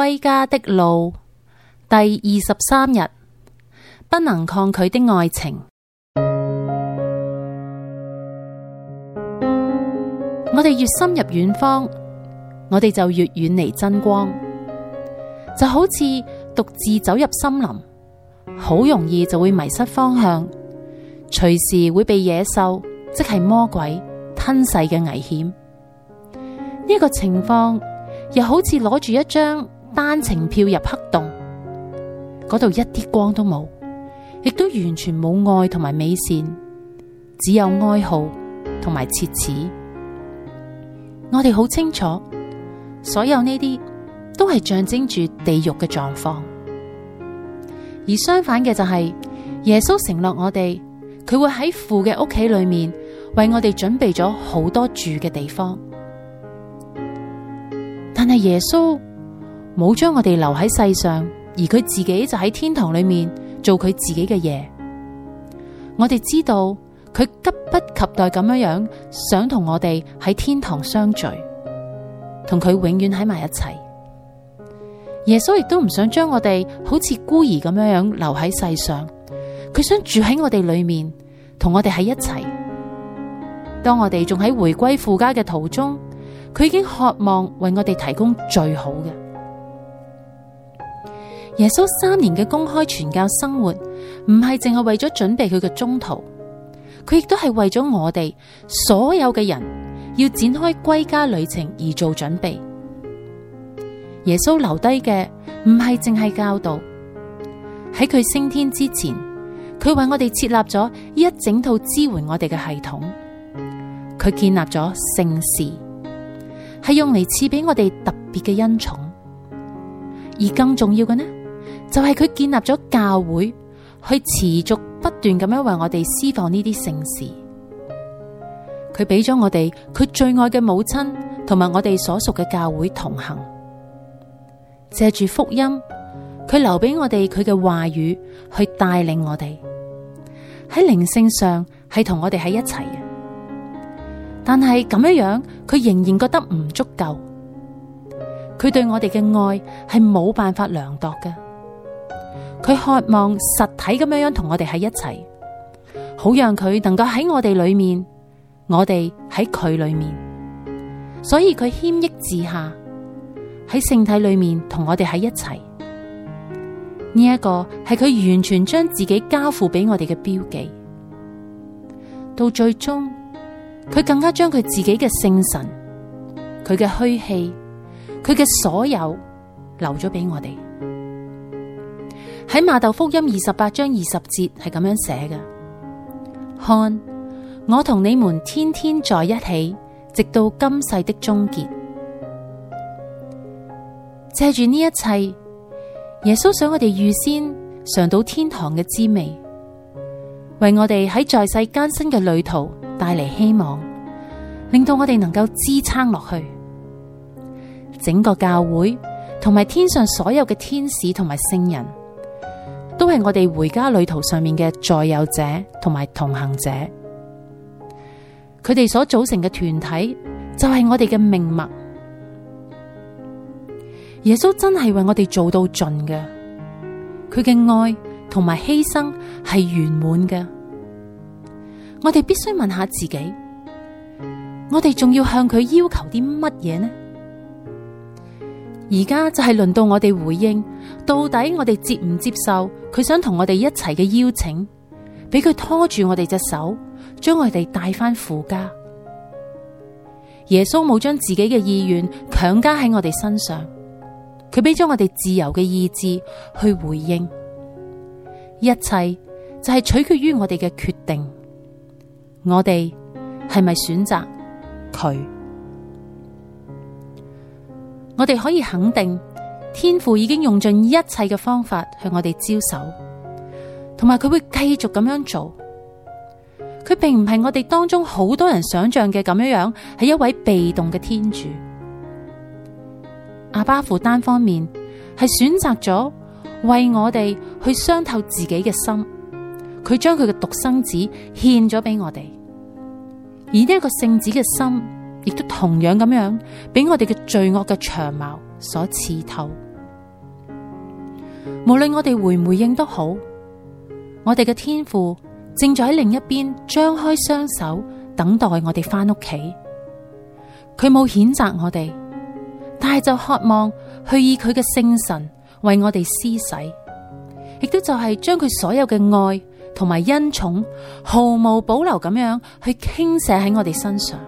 歸家的路，第二十三日，不能抗拒的愛情。 我哋越深入遠方，我哋就越遠離真光，就好似獨自走入森林，好容易就會迷失方向，隨時會被野獸，即係魔鬼，吞噬嘅危險。呢、這個情況又好似攞住一張。單程票入黑洞，嗰度一啲光都冇，亦都完全冇愛同埋美善，只有哀號同埋切齒。我哋好清楚，所有呢啲都係象徵住地獄嘅狀況。而相反嘅就係耶穌承諾我哋，佢會喺父嘅屋企裏面為我哋準備咗好多住嘅地方。但係耶穌。冇將我哋留喺世上，而佢自己就喺天堂裏面做佢自己嘅嘢。我哋知道佢急不及待咁樣樣，想同我哋喺天堂相聚，同佢永遠喺埋一齊。耶穌亦都唔想將我哋好似孤兒咁樣樣留喺世上，佢想住喺我哋裏面，同我哋喺一齊。當我哋仲喺回歸父家嘅途中，佢已經渴望為我哋提供最好嘅。耶穌三年嘅公開傳教生活唔係淨係為咗準備佢嘅宗徒，佢亦都係為咗我哋所有嘅人要展開歸家旅程而做準備。耶穌留低嘅唔係淨係教導，喺佢升天之前，佢為我哋設立咗一整套支援我哋嘅系統。佢建立咗聖事，係用嚟賜俾我哋特別嘅恩寵，而更重要嘅呢？就係佢建立咗教會去持續不斷咁樣為我哋施放呢啲聖事。佢俾咗我哋佢最愛嘅母親同埋我哋所屬嘅教會同行，借住福音佢留俾我哋佢嘅話語去帶領我哋喺靈性上係同我哋喺一齊嘅。但係咁樣樣佢仍然覺得唔足夠，佢對我哋嘅愛係冇辦法量度嘅。佢渴望實體咁樣樣同我哋喺一齊，好讓佢能夠喺我哋裏面，我哋喺佢裏面。所以佢謙抑自下喺聖體裏面同我哋喺一齊。呢一個係佢完全將自己交付俾我哋嘅標記。到最終，佢更加將佢自己嘅聖神、佢嘅噓氣、佢嘅所有留咗俾我哋。喺馬竇福音二十八章二十節係咁樣寫嘅：「看，我同你們天天在一起，直到今世的終結。借住呢一切，耶穌想我哋預先嘗到天堂嘅滋味，為我哋喺在在世艱辛嘅旅途帶嚟希望，令到我哋能夠支撐落去。整個教會同埋天上所有嘅天使同埋聖人。都係我哋回家旅途上面嘅助佑者同埋同行者，佢哋所組成嘅團體就係我哋嘅命脈。耶穌真係為我哋做到盡嘅，佢嘅愛同埋犧牲係圓滿嘅。我哋必須問下自己，我哋仲要向佢要求啲乜嘢呢？而家就係輪到我哋回應，到底我哋接唔接受佢想同我哋一齊嘅邀請，俾佢拖住我哋隻手，將我哋帶翻父家。耶穌冇將自己嘅意願強加喺我哋身上，佢俾咗我哋自由嘅意志去回應，一切就係取決於我哋嘅決定，我哋係咪選擇佢？我哋可以肯定，天父已經用盡一切嘅方法向我哋招手，同埋佢會繼續咁樣做。佢並唔係我哋當中好多人想象嘅咁樣樣，係一位被動嘅天主。阿爸父單方面係選擇咗為我哋去傷透自己嘅心，佢將佢嘅獨生子獻咗俾我哋，而呢一個聖子嘅心。亦都同樣咁樣，俾我哋嘅罪惡嘅長矛所刺透。無論我哋回唔回應都好，我哋嘅天父正在喺另一邊張開雙手，等待我哋翻屋企。佢冇譴責我哋，但係就渴望去以佢嘅聖神為我哋施洗，亦都就係將佢所有嘅愛同埋恩寵，毫無保留咁樣去傾瀉喺我哋身上。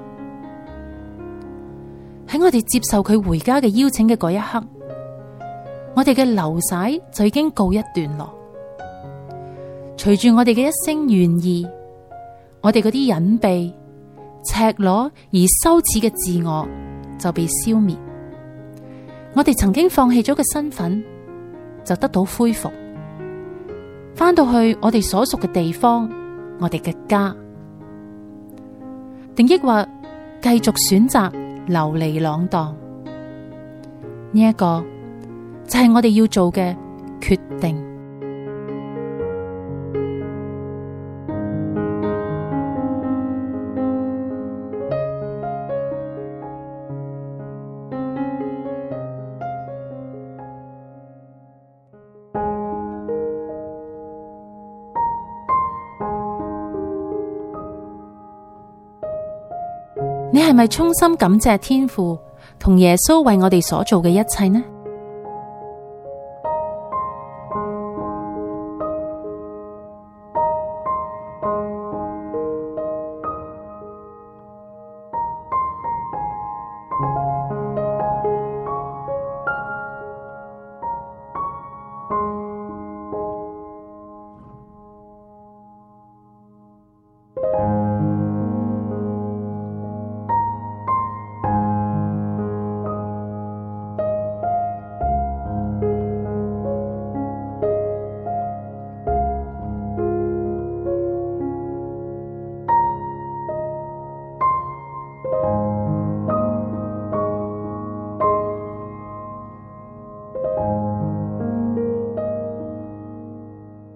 喺我哋接受佢回家嘅邀請嘅嗰一刻，我哋嘅流徙就已經告一段落。隨住我哋嘅一聲願意，我哋嗰啲隱秘、赤裸而羞恥嘅自我就被消滅。我哋曾經放棄咗嘅身份就得到恢復，翻到去我哋所屬嘅地方，我哋嘅家，定抑或繼續選擇。流離浪蕩，呢、這、一個就係我哋要做嘅決定。你係咪衷心感謝天父同耶穌為我哋所做嘅一切呢？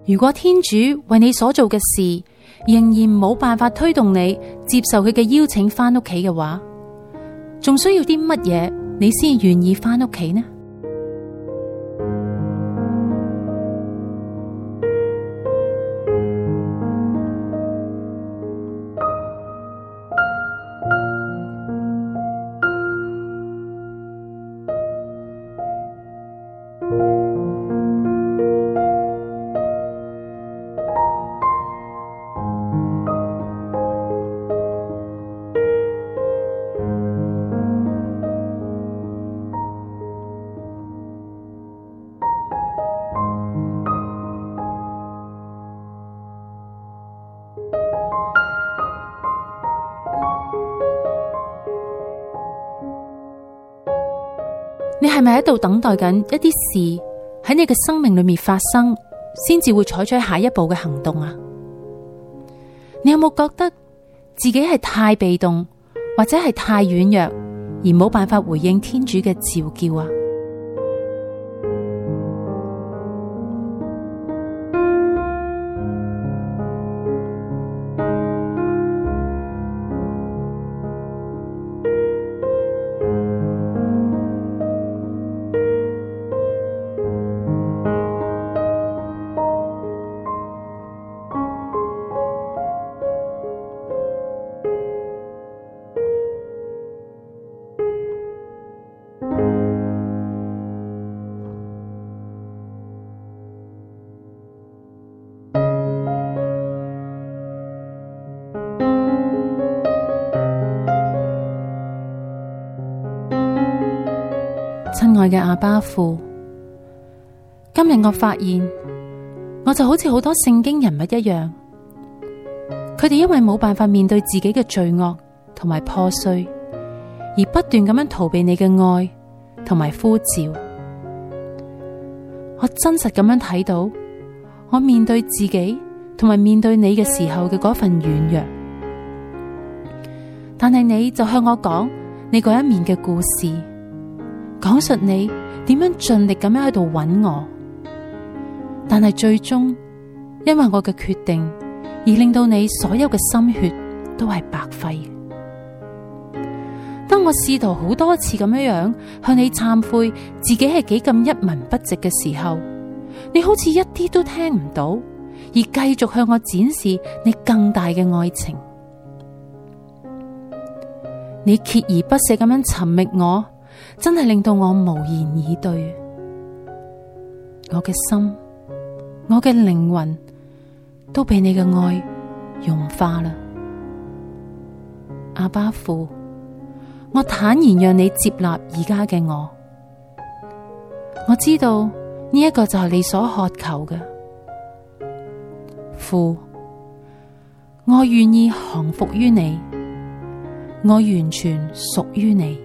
如果天主為你所做嘅事仍然冇辦法推動你接受佢嘅邀請翻屋企嘅話，仲需要啲乜嘢你先願意翻屋企呢？你係咪喺度等待緊一啲事喺你嘅生命裏面發生，先至會採取下一步嘅行動啊？你有冇覺得自己係太被動，或者係太軟弱，而冇辦法回應天主嘅召叫啊？親愛嘅阿爸父，今日我發現，我就好似好多聖經人物一樣，佢哋因為冇辦法面對自己嘅罪惡同埋破碎，而不斷咁樣逃避你嘅愛同埋呼召。我真實咁樣睇到，我面對自己同埋面對你嘅時候嘅嗰份軟弱，但係你就向我講你嗰一面嘅故事。講述你點樣盡力咁樣喺度揾我，但係最終因為我嘅決定而令到你所有嘅心血都係白費。當我試圖好多次咁樣樣向你懺悔自己係幾咁一文不值嘅時候，你好似一啲都聽唔到，而繼續向我展示你更大嘅愛情。你鍥而不捨咁樣尋覓我。真係令到我無言以對，我嘅心，我嘅靈魂都俾你嘅愛融化啦，阿爸父，我坦然讓你接納而家嘅我，我知道呢一、這個就係你所渴求嘅。父，我願意降服於你，我完全屬於你。